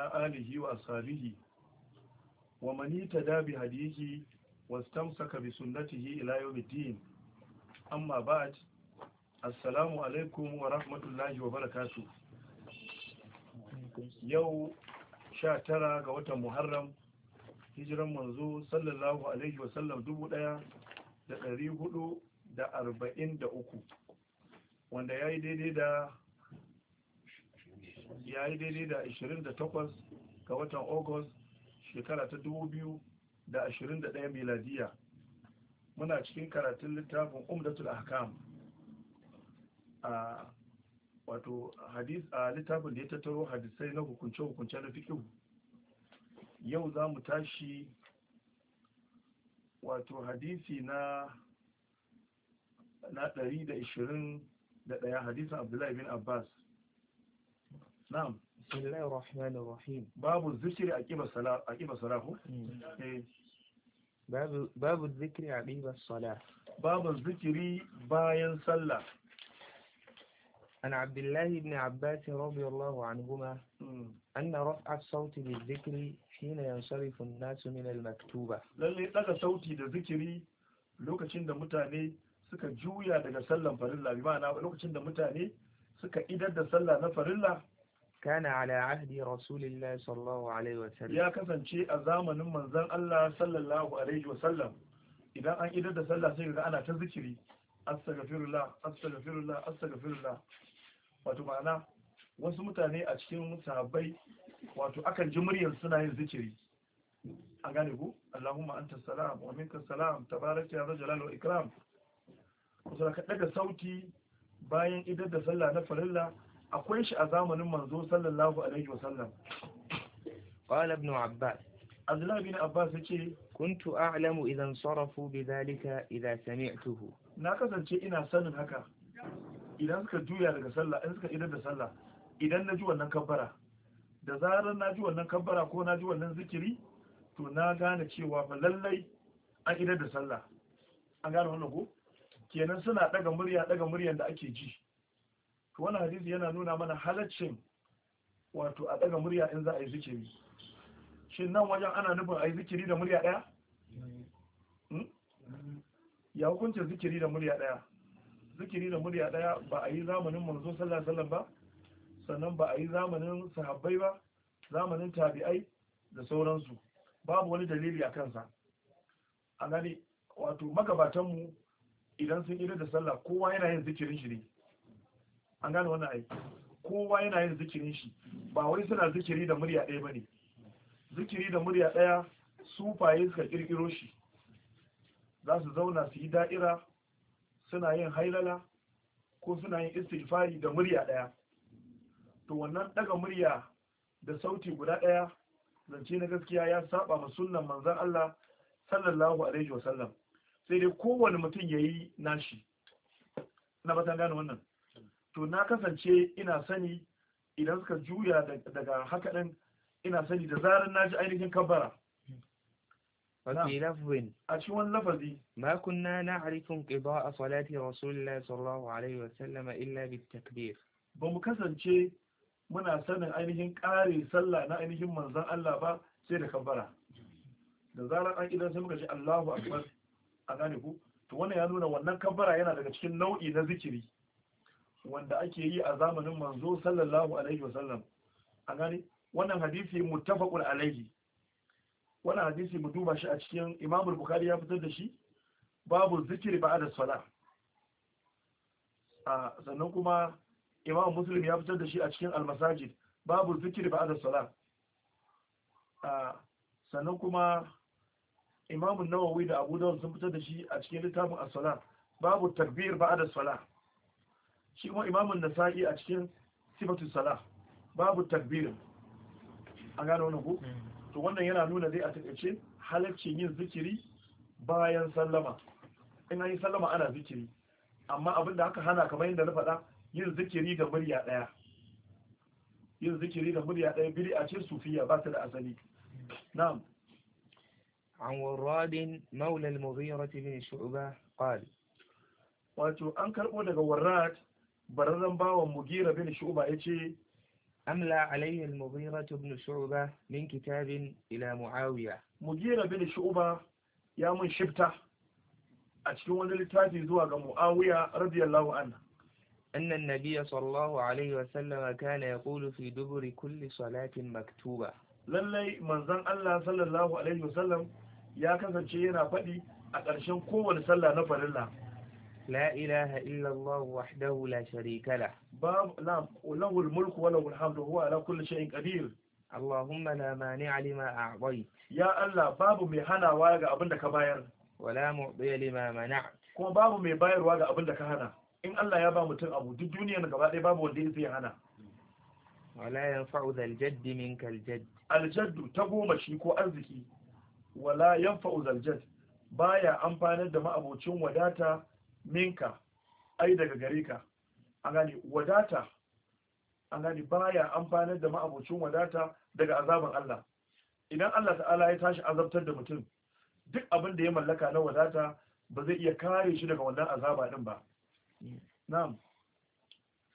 ala alihi wa dabi wa man yatada bi hadihi wastamsaka bi sunnatihi ila yawmiddin amma ba'd assalamu alaikum wa rahmatullahi wa barakatuh yau tara ga watan muharram hijran manzo sallallahu alaihi wa sallam uku, wanda yayi daidai da ya yi daidai da 28 ga watan august shekara ta 2021 miladiya muna cikin karatun littafin umdatul ahkam a wato hadis a littafin da ya tattaro hadisai na hukunce-hukunce na fikin yau za mu tashi wato hadisi na na 121 hadisan abdullahi bin abbas na'am bismillahir rahmanir rahim babu zikiri aqiba salat aqiba hmm. eh. babu babu zikri aqiba babu zikiri bayan sallah عن عبد الله بن عباس رضي الله عنهما أن رفع الصوت للذكر حين ينصرف الناس من المكتوبة للي صوتي lokacin da mutane suka juya daga sallan farilla bi ma'ana lokacin da mutane suka idar da sallah na farilla كان على عهد رسول الله صلى الله عليه وسلم يا كسن شيء الزمن من زن الله صلى الله عليه وسلم إذا أن إذا تسلى سيدنا أنا تذكري أستغفر الله أستغفر الله أستغفر الله wato ma'ana wasu mutane a cikin sahabbai wato akan ji muryar suna yin zikiri an gane ku Allahumma anta salam wa minka salam tabaraka ya Jalal wa ikram kusa ka daga sauti bayan idar da sallah na farilla akwai shi a zamanin manzo sallallahu alaihi wasallam qala ibn abbas abdullah bin abbas yace kuntu a'lamu idan sarafu bidhalika idha sami'tuhu na kasance ina sanin haka idan suka juya daga sallah idan suka idar da sallah idan na ji wannan kabbara da zarar na ji wannan kabbara ko na ji wannan zikiri to na gane cewa fa lallai an idar da sallah an gane wannan ko kenan suna daga murya daga muryan da ake ji to wannan hadisi yana nuna mana halaccin wato a daga murya in za a yi zikiri shin nan wajen ana nufin a yi zikiri da murya daya hmm? ya hukunce zikiri da murya daya zikiri da murya daya ba a yi zamanin manzo sallallahu alaihi ba sannan ba a yi zamanin sahabbai ba zamanin tabi'ai da sauransu babu wani dalili a kansa a gani wato magabatanmu idan sun yi da sallah kowa yana yin zikirin shi ne an gane wannan aiki kowa yana yin zikirin shi ba wai suna zikiri da murya ɗaya bane zikiri da murya ɗaya su faye suka kirkiro shi za su zauna su yi da'ira suna yin hailala ko suna yin istighfari da murya ɗaya to wannan ɗaga murya da sauti guda ɗaya zance na gaskiya ya saba ma sunnan manzon Allah sallallahu alaihi wasallam sai dai kowane mutum yayi nashi na batan gane wannan to na kasance ina sani idan suka juya daga haka din ina sani da zarar na ji ainihin kabbara وفي لفظ أشوان na ما كنا a انقضاء صلاة Sallallahu alaihi wa الله عليه وسلم takbir. Ba mu kasance muna sanin ainihin ƙare sallah na ainihin manzan Allah ba sai da kabbara da zarar an idan sai muka ce Allahu akbar a gane ku to wannan ya nuna wannan kabbara yana daga cikin nau'i na zikiri wanda ake yi a zamanin manzo sallallahu alaihi wasallam a gani wannan hadisi muttafaqun alaihi wannan hadisi mu duba shi a cikin Imam bukhari ya fitar da shi babu zikiri ba'da salat a sannan kuma Imam Muslim ya fitar da shi a cikin al-Masajid babu zikiri ba'da salat a sannan kuma Imam Nawawi da Abu Dawud sun fitar da shi a cikin littafin as-Salat babu takbir ba'da salat shi kuma imamun nasa'i a cikin sifatu salah babu takbirin. A gano wani ko hmm. to wannan yana nuna zai a takaice halaccin yin zikiri bayan sallama in an yi sallama ana zikiri amma abin da hana kamar yadda na faɗa yin zikiri ga murya ɗaya yin zikiri ga murya ɗaya biri a ce sufiya ba ta da asali na'am an warradin maula al-mughira bin shu'ba qal wato an karɓo daga warrat? bararren bawan mugira bin shu'ba ce, amla alayhi al-mughira shu'ba min kitabin ila muawiya mugira bin shu'ba ya mun shifta a cikin wani littafi zuwa ga muawiya radiyallahu anhu أن النبي صلى الله عليه وسلم كان يقول في دبر كل صلاة مكتوبة lallai manzon Allah sallallahu alaihi wasallam ya kasance yana faɗi a ƙarshen kowane sallah na farilla لا إله إلا الله وحده لا شريك له باب نعم وله الملك وله الحمد وهو على كل شيء قدير اللهم لا مانع لما أعطيت يا الله باب مي هنا واغا أبن دك باير ولا معطي لما منعت كما باب مي باير واغا أبن دك هنا إن الله يا با متن أبو دي دنيا نغبا دي باب وندي يسي هنا ولا ينفع ذا الجد منك الجد الجد تبو شيكو أرزكي ولا ينفع ذا الجد baya amfanar أبو ma'abocin وداتا minka ai daga gare ka an gani. wadata an gani. baya amfanar da ma'abocin wadata daga azabar Allah idan Allah ta'ala ya tashi azabtar da mutum duk abin da ya mallaka na wadata ba zai iya kare shi daga wannan azaba din ba na'am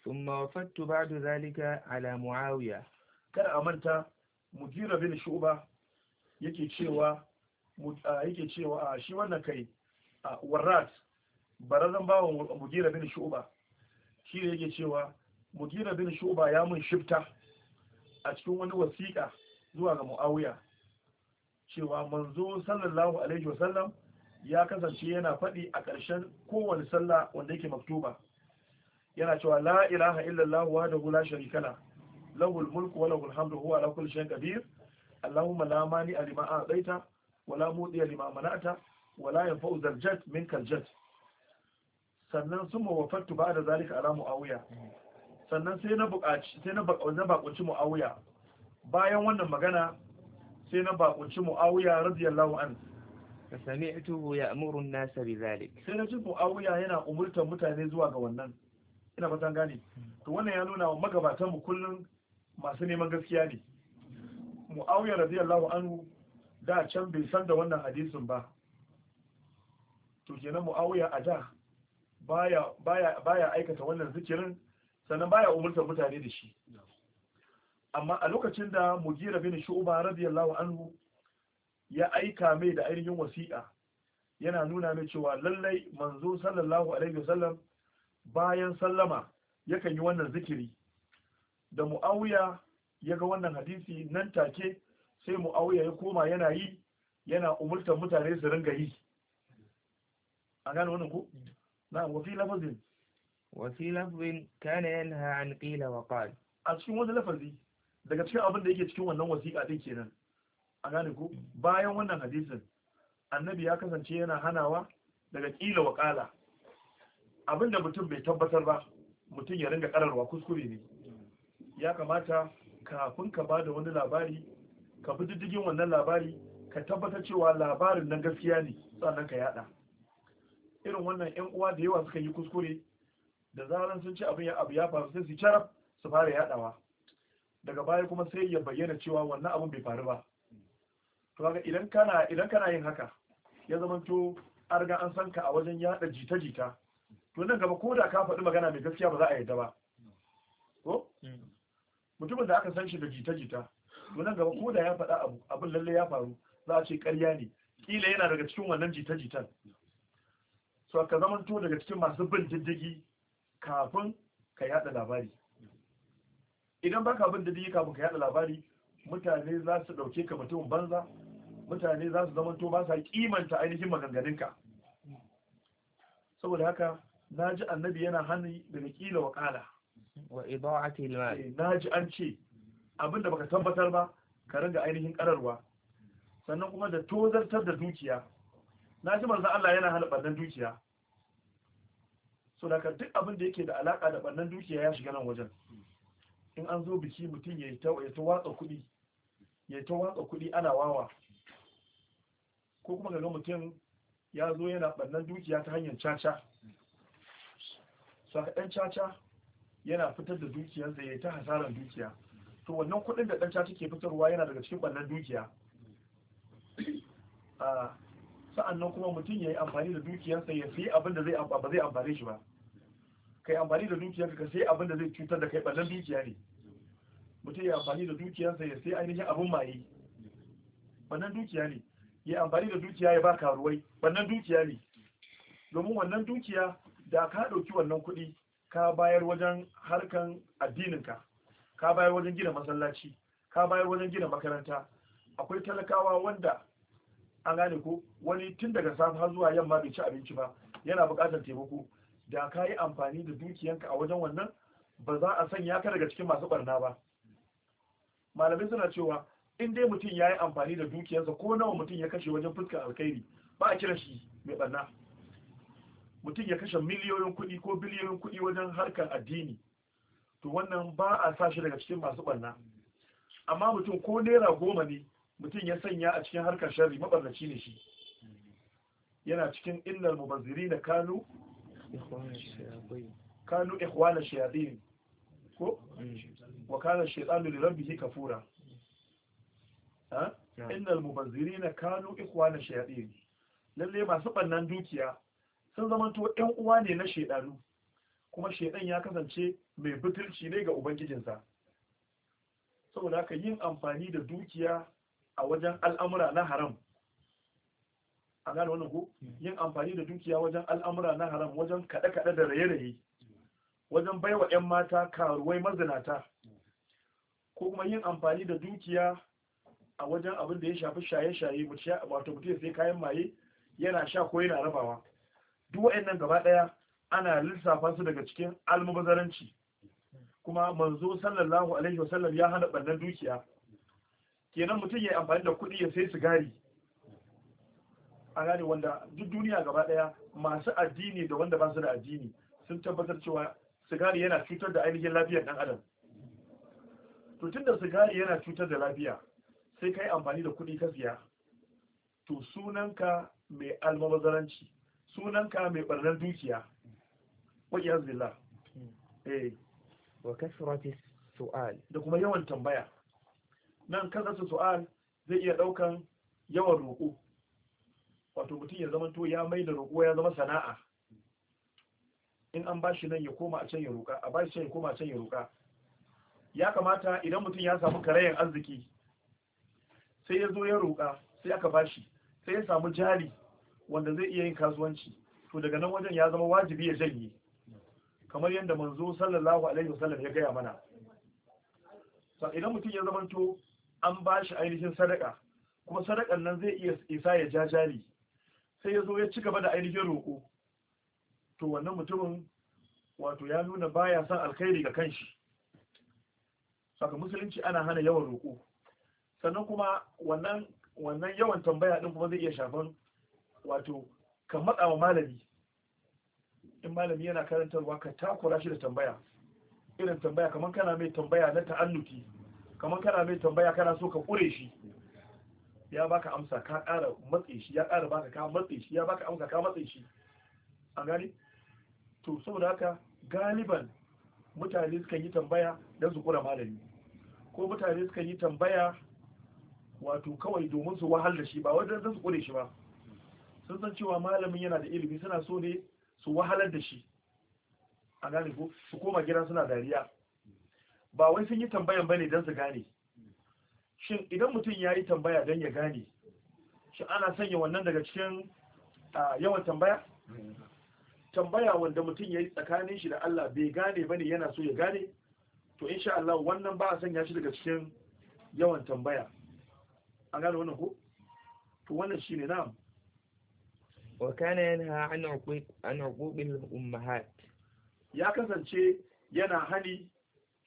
thumma wafattu ba'da zalika ala muawiya kada a manta mujira bin shuba yake cewa yake cewa shi wannan kai warrat barazan wa mugira bin shu'ba shi ne yake cewa mugira bin shu'ba ya mun shifta a cikin wani wasiƙa zuwa ga muawiya cewa manzo sallallahu alaihi wasallam ya kasance yana faɗi a ƙarshen kowane sallah wanda yake maktuba yana cewa la ilaha illallah wahdahu la sharika la lahul mulku wa lahul hamdu huwa ala kulli shay'in qadir allahumma la mani alima a'taita wa la lima mana'ta wa la yanfa'u zarjat minkal sannan sun wafattu ba da zalika ala mu'awiya sannan sai na buƙaci sai na bakunci mu'awiya bayan wannan magana sai na bakunci mu'awiya radiyallahu an fa sami'tuhu ya'muru an-nas bi zalik sai na ji mu'awiya yana umurtar mutane zuwa ga wannan ina san gane to wannan ya nuna magabatan mu kullun masu neman gaskiya ne mu'awiya radiyallahu anhu da can bai san da wannan hadisin ba to kenan mu'awiya a da baya baya aikata wannan zikirin sannan baya umurtar mutane da shi amma a lokacin da mujira bin Shu'ba radiyallahu anhu ya aika mai da ainihin wasiƙa yana nuna mai cewa lallai manzo sallallahu alaihi wasallam bayan sallama yakan yi wannan zikiri da Muawiya ya ga wannan hadisi nan take sai Muawiya ya koma yana yi yana umurtar mutane su ringa yi an gane wannan ko نعم وفي لفظ وفي لفظ كان ينهى عن قيل وقال a cikin wani lafazi daga cikin abin da yake cikin wannan wasiƙa din kenan a gane ku bayan wannan hadisin annabi ya kasance yana hanawa daga kila wa ƙala abin mutum bai tabbatar ba mutum ya ringa ƙararwa kuskure ne ya kamata kafin ka ba da wani labari ka bi diddigin wannan labari ka tabbatar cewa labarin nan gaskiya ne sannan ka yada irin wannan yan uwa da yawa suka yi kuskure da zarar sun ci abin ya abu ya faru sai su cara su fara yadawa daga baya kuma sai ya bayyana cewa wannan abin bai faru ba to kaga idan kana idan kana yin haka ya to an ga an san ka a wajen yada jita-jita to nan gaba ko ka faɗi magana mai gaskiya ba za a yadda ba ko mutumin da aka san shi da jita-jita to nan gaba ko ya faɗa abu abin lalle ya faru za a ce ƙarya ne kila yana daga cikin wannan jita-jitan so ka zamanto daga cikin masu bin diddigi kafin ka yada labari idan baka bin diddigi kafin ka yada labari mutane za su dauke ka mutum banza mutane za su to ba sa kimanta ainihin maganganunka saboda haka naji annabi yana hani daga kila wa kala wa idaati al eh, naji an ce abinda baka tabbatar ba ka ringa ainihin kararwa sannan kuma da tozartar da dukiya na ji manzan Allah yana hana ɓannan dukiya so da ka duk abin da yake da alaƙa da ɓannan dukiya ya shiga nan wajen in an zo biki mutum ya ta watsa kuɗi ya ta watsa kuɗi ana wawa ko kuma ga mutum ya zo yana ɓannan dukiya ta hanyar caca saka ɗan caca yana fitar da dukiyarsa ya ta hasaran dukiya to wannan kuɗin da ɗan caca ke fitarwa yana daga cikin ɓannan dukiya ah, sa'annan kuma mutum ya yi amfani da dukiyarsa ya sai abin da zai amfani shi ba kai amfani da dukiyarsa ka sai abin da zai cutar da kai ballan dukiya ne mutum ya amfani da dukiyarsa ya sai ainihin abin maye ballan dukiya ne ya amfani da dukiya ya ba karuwai ballan dukiya ne domin wannan dukiya da ka ɗauki wannan kuɗi ka bayar wajen harkan addininka ka bayar wajen gina masallaci ka bayar wajen gina makaranta akwai talakawa wanda an gane ko wani tun daga safe har zuwa yamma bai ci abinci ba yana buƙatar taimako da ka yi amfani da dukiyanka a wajen wannan ba za a sanya ka daga cikin masu barna ba malamai suna cewa in dai mutum ya yi amfani da dukiyarsa ko nawa mutum ya kashe wajen fuska alkhairi ba a kira shi mai barna mutum ya kashe miliyoyin kuɗi ko biliyoyin kuɗi wajen harkar addini to wannan ba a sa shi daga cikin masu barna amma mutum ko naira goma ne mutum ya sanya a cikin harkar shari mabarnaci ne shi yana cikin innal mubazzirina kanu kanu ikhwana shayatin ko wa kana shaytanu li rabbihi kafura ha innal na kanu ikhwana shayatin lalle masu bannan dukiya sun to ɗan uwa ne na shaydanu kuma shaydan ya kasance mai butulci ne ga ubangijinsa saboda haka yin amfani da dukiya a wajen al'amura na haram a gane wani ko yin amfani da dukiya wajen al'amura na haram wajen kaɗe-kaɗe da raye-raye wajen baiwa 'yan mata karuwai mazinata ko kuma yin amfani da dukiya a wajen abin da ya shafi shaye-shaye wato mutum sai kayan maye yana sha ko yana rabawa duk waɗannan gaba ɗaya ana lissafa su daga cikin almubazaranci kuma manzo sallallahu alaihi wasallam ya hana ɓannan dukiya kenan mutum ya yi amfani da kuɗi ya sai sigari a gane wanda duk duniya gaba ɗaya masu addini da wanda ba su da addini sun tabbatar cewa sigari yana cutar da ainihin lafiyar ɗan adam to tun da sigari yana cutar da lafiya sai ka yi amfani da kuɗi ka siya to sunanka mai almabazaranci sunanka mai ɓarnar dukiya wa'iyar zila eh wa su'al da kuma yawan tambaya nan kasarsu su'al zai iya ɗaukan yawan roƙo wato mutum ya zama to ya mai da roƙo ya zama sana'a in an bashi nan ya koma a can ya roƙa a bashi can ya koma a can ya roƙa ya kamata idan mutum ya samu karayen arziki sai ya zo ya roƙa sai aka bashi sai ya samu jari wanda zai iya yin kasuwanci to daga nan wajen ya zama wajibi ya janye kamar yadda manzo sallallahu alaihi wasallam ya gaya mana idan mutum ya zamanto an ba shi ainihin sadaka kuma sadakan nan zai iya isa ya ja jari sai ya zo ya ci gaba da ainihin roƙo to wannan mutumin wato ya nuna baya son alkhairi ga kanshi saka musulunci ana hana yawan roƙo sannan kuma wannan yawan tambaya din kuma zai iya shafan wato ka matsa wa malami in malami yana karantarwa ka takura shi da tambaya irin tambaya kamar kana mai tambaya na ta'annuki kamar kana mai tambaya kana so ka kure shi ya baka amsa ka ƙara matse shi ya ƙara baka ka matse shi ya baka amsa ka matse shi an gani to saboda haka galiban mutane suka yi tambaya don su kura malami ko mutane suka yi tambaya wato kawai domin su wahal da shi ba wajen don su kure shi ba sun san cewa malamin yana da ilimi suna so ne su wahalar da shi a gane ko su koma gida suna dariya ba wai sun yi tambayan bane don su gane shin idan mutum ya yi tambaya don ya gane shin ana sanya wannan daga cikin yawan tambaya tambaya wanda mutum ya yi tsakanin shi da Allah bai gane bane yana so ya gane to insha Allah wannan ba a sanya shi daga cikin yawan tambaya an gane wannan ko to wannan shine na'am wa kana yanha an uquq an uquq bil ummahat ya kasance yana hani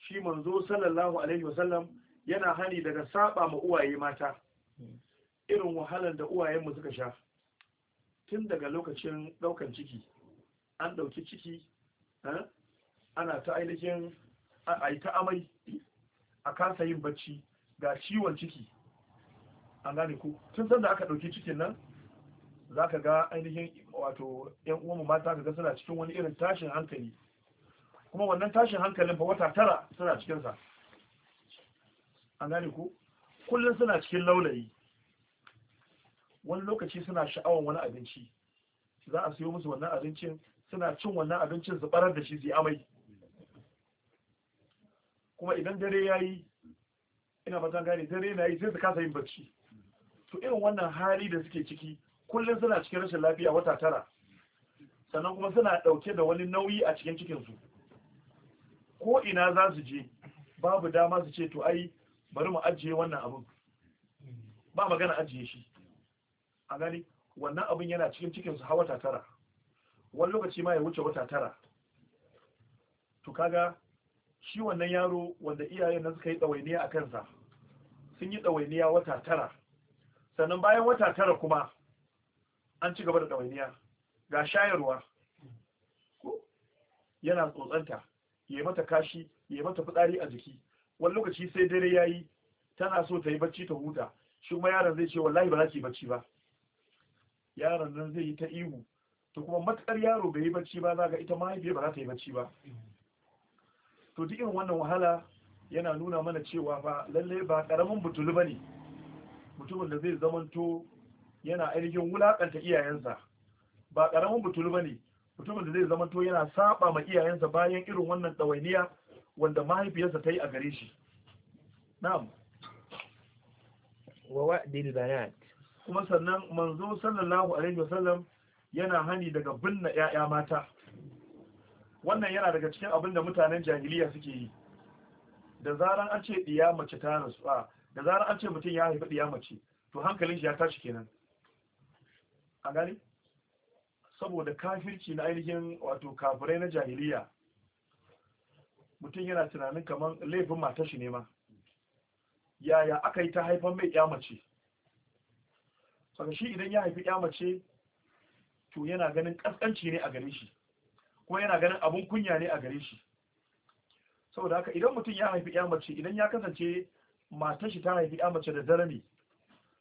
shi manzo sallallahu alaihi wasallam yana hani daga saba ma uwaye mata irin wahalar da uwayenmu suka sha tun daga lokacin daukan ciki an dauki ciki eh, ana ta ainihin a yi ta amai a kasa yin bacci ga ciwon ciki an gane ku tun sanda aka dauki cikin nan za ka ga ainihin wato yan uwanmu mata ka ga suna cikin wani irin tashin hankali kuma wannan tashin hankalin fa wata tara suna cikin sa an gane ku, kullun suna cikin laulayi wani lokaci suna sha'awan wani abinci za a siyo musu wannan abincin suna cin wannan abincin su barar da shi zai amai kuma idan dare ya yi ina matan gane dare na yi sai su kasa yin barci. to irin wannan hali da suke ciki kullum suna cikin rashin lafiya wata tara sannan kuma suna ɗauke da wani nauyi a cikin cikinsu ko ina za su je babu dama su ce to ai bari mu ajiye wannan abun ba magana ajiye shi a gani wannan abun yana cikin cikin su hawa tara wani lokaci ma ya wuce wata tara to kaga shi wannan yaro wanda iyayen nan suka yi ɗawainiya a kansa sun yi ɗawainiya wata tara sannan bayan wata tara kuma an ci gaba da ɗawainiya ga shayarwa yana tsotsanta ya mata kashi ya mata fitsari a jiki wani lokaci sai dare yi tana so ta yi bacci ta huta shi kuma yaron zai ce wallahi ba za ki bacci ba yaron nan zai yi ta ihu to kuma matakar yaro bai yi bacci ba za ga ita mahaifiyar ba za ta yi bacci ba to duk irin wannan wahala yana nuna mana cewa ba lalle ba karamin butulu ba ne. mutumin da zai zamanto yana ainihin wulakanta iyayensa ba karamin butulu ba ne. mutumin da zai zama to yana saba ma iyayensa bayan irin wannan ɗawainiya wanda mahaifiyarsa ta yi a gare shi na'am wa wa'dil banat kuma sannan manzo sallallahu alaihi wasallam yana hani daga binne 'ya'ya mata wannan yana daga cikin abin da mutanen jahiliya suke yi da zaran an ce diya mace ta rasu da zaran an ce mutum ya haifi diya mace to hankalin shi ya tashi kenan a gani saboda kafirci na ainihin wato kafirai na jahiliya mutum yana tunanin kamar laifin matar shi ne yaya aka yi ta haifan mai ya mace saka shi idan ya haifi ya mace to yana ganin kaskanci ne a gare shi ko yana ganin abun kunya ne a gare shi saboda haka idan mutum ya haifi ya mace idan ya kasance matar shi ta haifi ya mace da dare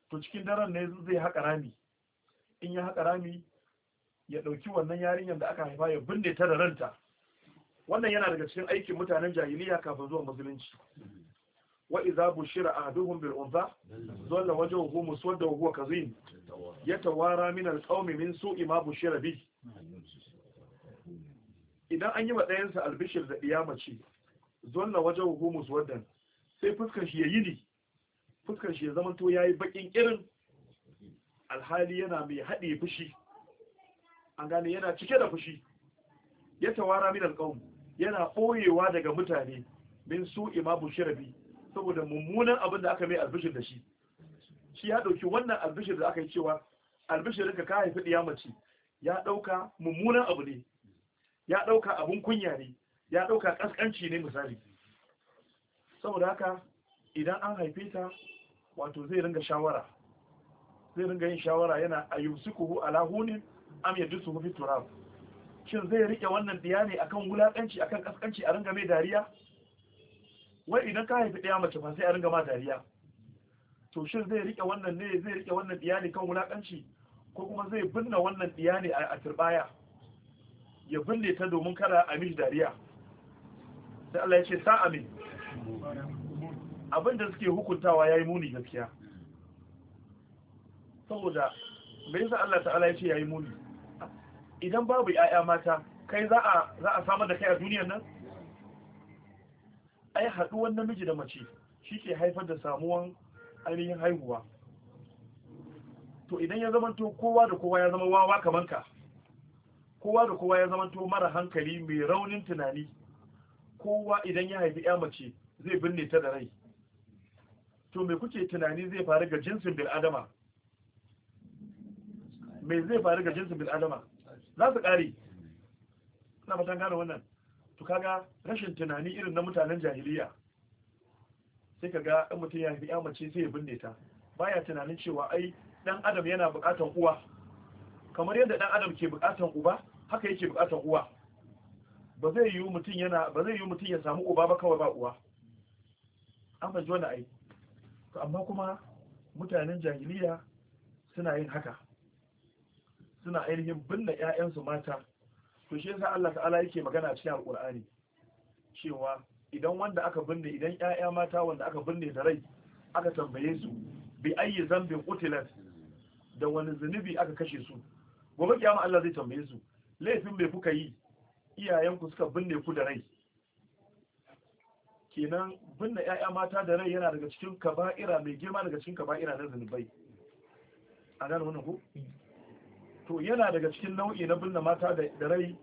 to cikin daren ne zai haƙa rami in ya haƙa rami ya ɗauki wannan yarinyar da aka haifa ya binne ta da ranta wannan yana daga cikin aikin mutanen jahiliya kafin zuwa musulunci wa idza bushira ahaduhum bil unza dhalla wajhuhu muswadda wa huwa kazim yatawara min al qawmi min su'i ma bushira bi idan an yi wa ɗayan sa albishir da iyama ce dhalla wajhuhu muswaddan sai fuskar shi ya ni, fuskar shi ya zamanto yayi bakin irin alhali yana mai hade fushi an gane yana cike da fushi ya tawara min alqaum yana ɓoyewa daga mutane min su ima bushirabi saboda mummunan abin da aka mai albishir da shi shi ya ɗauki wannan albishir da aka yi cewa albishirinka ka haifi ɗiya mace ya ɗauka mummunan abu ne ya ɗauka abun kunya ne ya ɗauka ƙasƙanci ne misali saboda haka idan an haife ta wato zai ringa shawara zai ringa yin shawara yana a yusukuhu am yadda su mafi turab shin zai rike wannan diya ne akan wulaƙanci akan kaskanci a ringa mai dariya wai idan ka haifi ɗaya mace ba sai a ringa ma dariya to shin zai rike wannan ne zai rike wannan diya ne kan wulaƙanci, ko kuma zai binne wannan diya ne a turbaya ya binne ta domin kada a mishi dariya sai Allah ya ce sa amin abinda suke hukuntawa yayi muni gaskiya saboda me yasa Allah ta'ala ya ce yayi muni idan babu ‘ya'ya mata kai za a samar da kai a duniyar nan ai haɗuwan namiji da mace shi ke haifar da samuwan ainihin haihuwa to idan ya zamanto kowa da kowa ya zama wawa kamar ka kowa da kowa ya zamanto mara hankali mai raunin tunani kowa idan ya haifi ya mace zai binne ta da rai to me kuke tunani zai faru ga jinsin bil adama me zai faru ga jinsin bil adama za su ƙari ina fatan gane wannan to kaga rashin tunani irin na mutanen jahiliya sai ka ga ɗan mutum ya ya mace zai binne ta baya tunanin cewa ai dan adam yana buƙatan uwa kamar yadda dan adam ke buƙatan uba haka yake buƙatan uwa ba zai yiwu mutum yana ba zai yiwu mutum ya samu uba ba kawai ba uwa an fahimci wannan ai to amma kuma mutanen jahiliya suna yin haka suna ainihin binne ƴaƴansu mata to shi yasa Allah ta'ala yake magana a cikin alqur'ani cewa idan wanda aka binne idan ƴaƴa mata wanda aka binne da rai aka tambaye su bi ayyi zambin qutilat da wani zunubi aka kashe su gobe kiyama Allah zai tambaye su laifin me kuka yi iyayenku suka binne ku da rai kenan binne ƴaƴa mata da rai yana daga cikin kaba'ira mai girma daga cikin kaba'ira na zunubai a gane wannan ko to yana daga cikin nau'i na binne mata da rai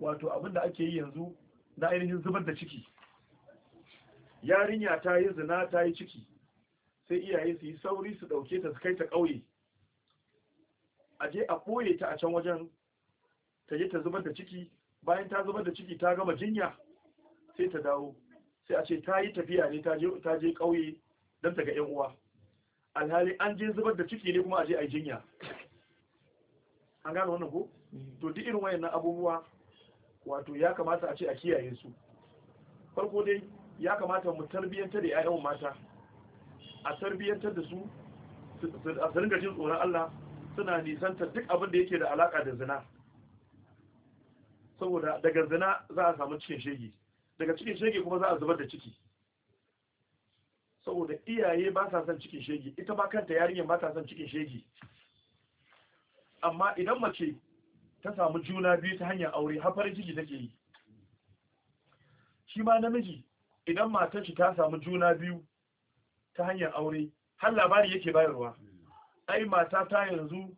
wato abin da ake yi yanzu na ainihin zubar da ciki yarinya ta yi zina ta yi ciki sai iyaye su yi sauri su dauke ta su kai ta kauye a je a ɓoye ta a can wajen ta je ta zubar da ciki bayan ta zubar da ciki ta gama jinya sai ta dawo sai a ce ta yi tafiya ne ta je ƙauye don ta ga 'yan uwa alhali an je zubar da ciki ne kuma a je a jinya an gano wannan ko mm. to duk irin wayannan abubuwa wato ya kamata a ce a kiyaye su farko dai ya kamata mu tarbiyyantar da 'ya'yan mata a tarbiyyantar da su a dinga jin tsoron Allah suna nisanta duk abin da yake da alaka da zina saboda daga zina za a samu cikin shege daga cikin shege kuma za a zubar da ciki saboda iyaye ba sa son cikin shege ita ma kanta yarinyar ba ta son cikin shege amma idan mace ta samu juna biyu ta hanyar aure har farin ciki take yi shi ma namiji idan matar shi ta samu juna biyu ta hanyar aure har labari yake bayarwa ai mata ta yanzu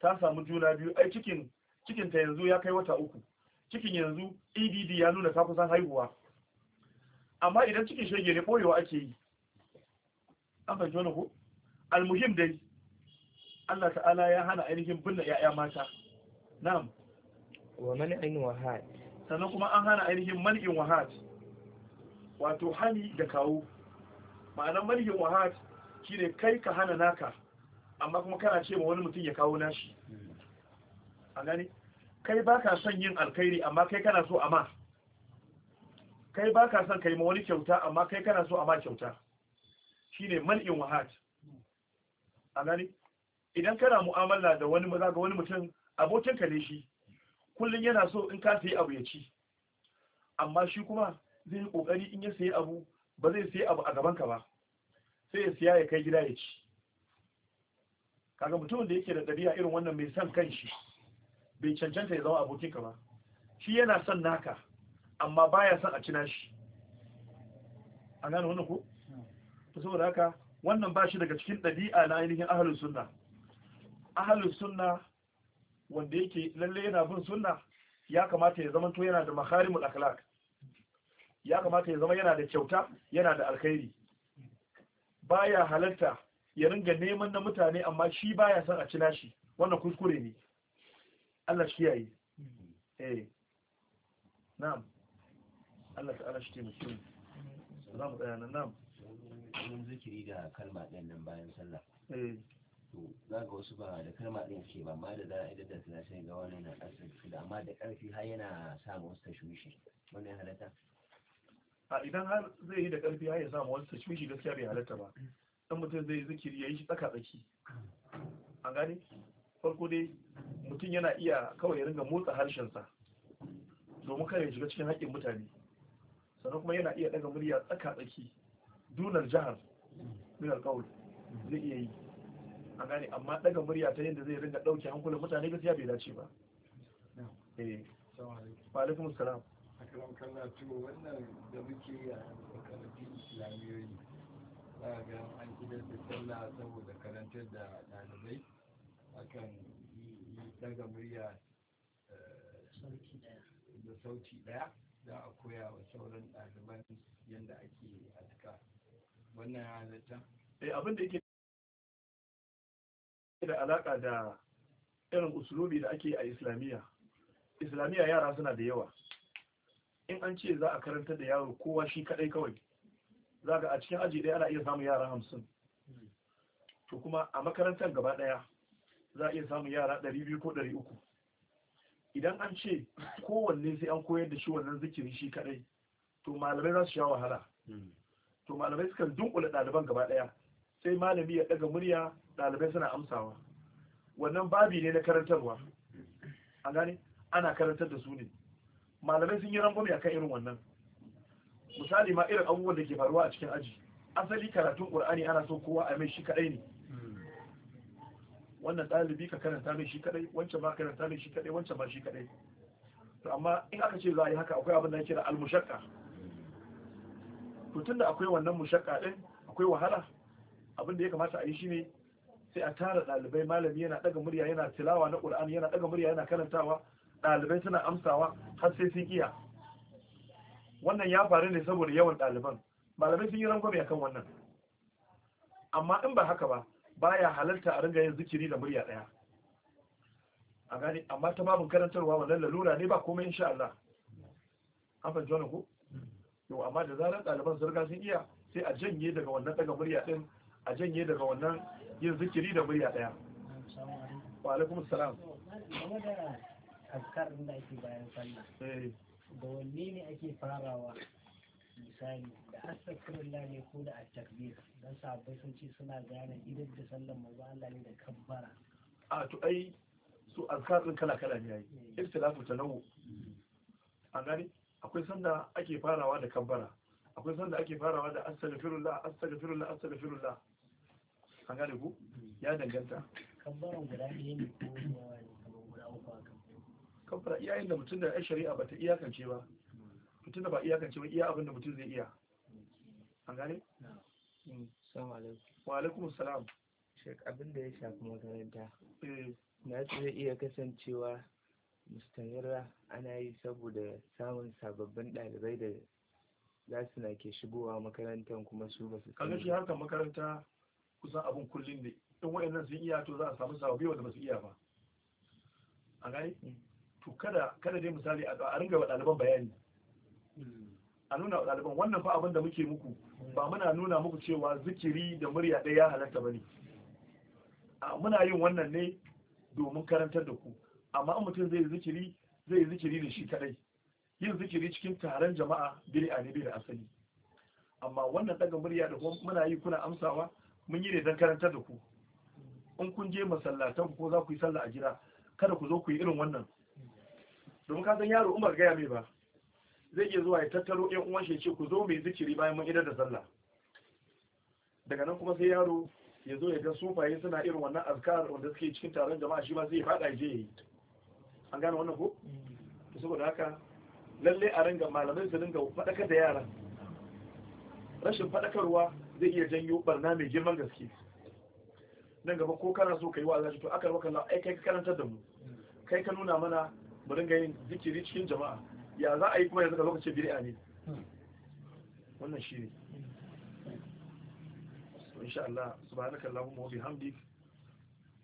ta samu juna biyu ai cikin cikin ta yanzu ya kai wata uku cikin yanzu EDD ya nuna ta kusan haihuwa amma idan cikin shege ne boyewa ake yi an fahimci wani ko almuhim dai Allah ta'ala ya hana ainihin binne ‘ya'ya mata na'am wa man'in wahad sannan kuma an hana ainihin mal'in wahad wato hani da kawo Ma'ana mal'in wahad shine kai ka hana naka amma kuma kana ce ma wani mutum ya kawo nashi a gani kai ba ka son yin alkhairi amma kai kana so amma kai ba ka son kai ma wani kyauta amma kai kana so amma kyauta shine man'in wahad a gani idan kana mu'amala da wani maza ga wani mutum abokin ka ne shi kullum yana so in ka sayi abu ya ci amma shi kuma zai yi kokari in ya sayi abu ba zai sayi abu a gaban ka ba sai ya siya ya kai gida ya ci kaga mutumin da yake da ɗabi'a irin wannan mai san kan shi bai cancanta ya zama abokin ka ba shi yana son naka amma baya son a cina shi an gane wannan ko hmm. saboda haka wannan ba shi daga cikin ɗabi'a na ainihin ahalin sunna Ahalin sunna wanda yake lalle yana bin sunna ya kamata ya zama to yana da makarimul akhlaq ya kamata ya zama yana da kyauta yana da alkhairi baya halatta ya ringa neman na mutane amma shi baya son a cina shi wannan kuskure ne Allah shi yayi eh na'am Allah ta'ala shi mutum za mu tsaya nan na'am mun zikiri da kalma ɗin nan bayan sallah eh. za ga wasu ba da kalma ɗin ke ba ma da za a idan da sai ga wani na asibiti da amma da ƙarfi har yana samun wasu tashwishi wannan halatta a idan har zai yi da ƙarfi har ya samu wasu tashwishi gaskiya bai halatta ba dan mutum zai yi zikiri ya yi shi tsaka tsaki an gane farko dai mutum yana iya kawai ya ringa motsa harshensa domin kare shiga cikin haƙƙin mutane sannan kuma yana iya ɗaga murya tsaka tsaki dunar jihar min alƙawul zai iya yi a gane amma daga murya ta yadda zai ringa dauke hankulan mutane gaskiya bai dace ba eh wannan da a ga an da da dalibai akan yi daga murya eh, da koya wa sauran halitta eh, abin da yake da alaka da irin usulubi da ake a islamiyya islamiyya yara suna da yawa in an ce za a karanta da yaro kowa shi kadai kawai za ga a cikin aji ɗaya ana iya samun yara hamsin to kuma a makarantar gaba ɗaya za a iya samun yara ɗari biyu ko ɗari uku idan an ce kowanne sai an koyar da shi wannan zikiri shi kadai to malamai za su sha wahala hmm. to malamai sukan dunkula ɗaliban gaba ɗaya sai malami ya ɗaga murya Dalibai suna amsawa wannan babi ne na karantarwa a gane ana karantar da su ne malamai sun yi rangwame akan irin wannan misali ma irin abubuwan da ke faruwa a cikin aji asali karatun ƙur'ani ana so kowa a mai shi kadai ne wannan ɗalibi ka karanta mai shi kadai wancan ba karanta mai shi kadai wancan ba shi kadai to amma in aka ce za a yi haka akwai abin da ake da almushakka to tunda akwai wannan mushakka ɗin, akwai wahala abin da ya kamata a yi shi ne. sai a tara ɗalibai malami yana daga murya yana tilawa na qur'ani yana ɗaga murya yana karantawa ɗalibai suna amsawa har sai sun iya wannan ya faru ne saboda yawan ɗaliban malamai sun yi rangwame akan wannan amma in ba haka ba baya halarta a ringa yin zikiri da murya daya a gani amma ta babin karantarwa wannan lalura ne ba komai insha Allah an jona ko yau amma da zarar ɗaliban sun riga sun iya sai a janye daga wannan daga murya din a janye daga wannan yin zikiri da murya daya wa alaikum salam game da da ake bayan sallah eh. da wanne ne ake farawa misali da astaghfirullah ne ko da at-takbir dan sahabbai sun ce suna gane idan da sallar manzo Allah ne da kabbara a to ai su azkar din kala kala ne yayi eh. ikhtilafu tanawu an gani. akwai sanda ake farawa da kabbara akwai sanda ake farawa da astaghfirullah astaghfirullah astaghfirullah an gane ku ya danganta kabbaran guda ɗaya ne ko guda uku haka kabbara iyayen da mutum da ya shari'a ba ta iyakance ba mutum da ba iyakance ba iya abin da mutum zai iya an gane mm, wa alaikum salam shek abin da ya shafi makaranta eh. na zai iya kasancewa mustanira ana yi saboda samun sababbin ɗalibai da za su na ke shigowa makarantar kuma su ba su kaga shi harkar makaranta kusan abun kullum ne in wayannan sun iya to za a samu sababi wanda ba iya ba a gani to kada kada dai misali a ringa wa ɗaliban bayani a nuna wa ɗaliban wannan fa abin da muke muku ba muna nuna muku cewa zikiri da murya ɗaya ya halatta ba ne muna yin wannan ne domin karantar da ku amma in mutum zai zikiri zai yi zikiri da shi kadai yin zikiri cikin taron jama'a bil'a ne bai da asali amma wannan daga murya da muna yi kuna amsawa mun yi ne don karantar da ku in kun je masallatan ko za ku yi sallah a gida kada ku zo ku yi irin wannan don ka san yaro umar gaya mai ba zai iya zuwa ya tattaro yan uwan shi ce ku zo mai zikiri bayan mun idar da sallah daga nan kuma sai yaro ya zo ya ga sufaye suna irin wannan azkar wanda suke cikin taron jama'a shi ma zai a je yi an gane wannan ko to saboda haka lalle a ringa malamai su dinga faɗakar da yaran rashin faɗakarwa. zai iya janyo barna mai girman gaske nan gaba ko kana so kai wa'azi to aka raka ai kai ka karanta da mu kai ka nuna mana mu dinga yin zikiri cikin jama'a ya za a yi kuma yanzu ka lokacin bid'a ne wannan shi ne insha Allah subhanaka allahumma wa bihamdik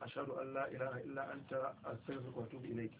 ashhadu an la ilaha illa anta astaghfiruka wa atubu ilayk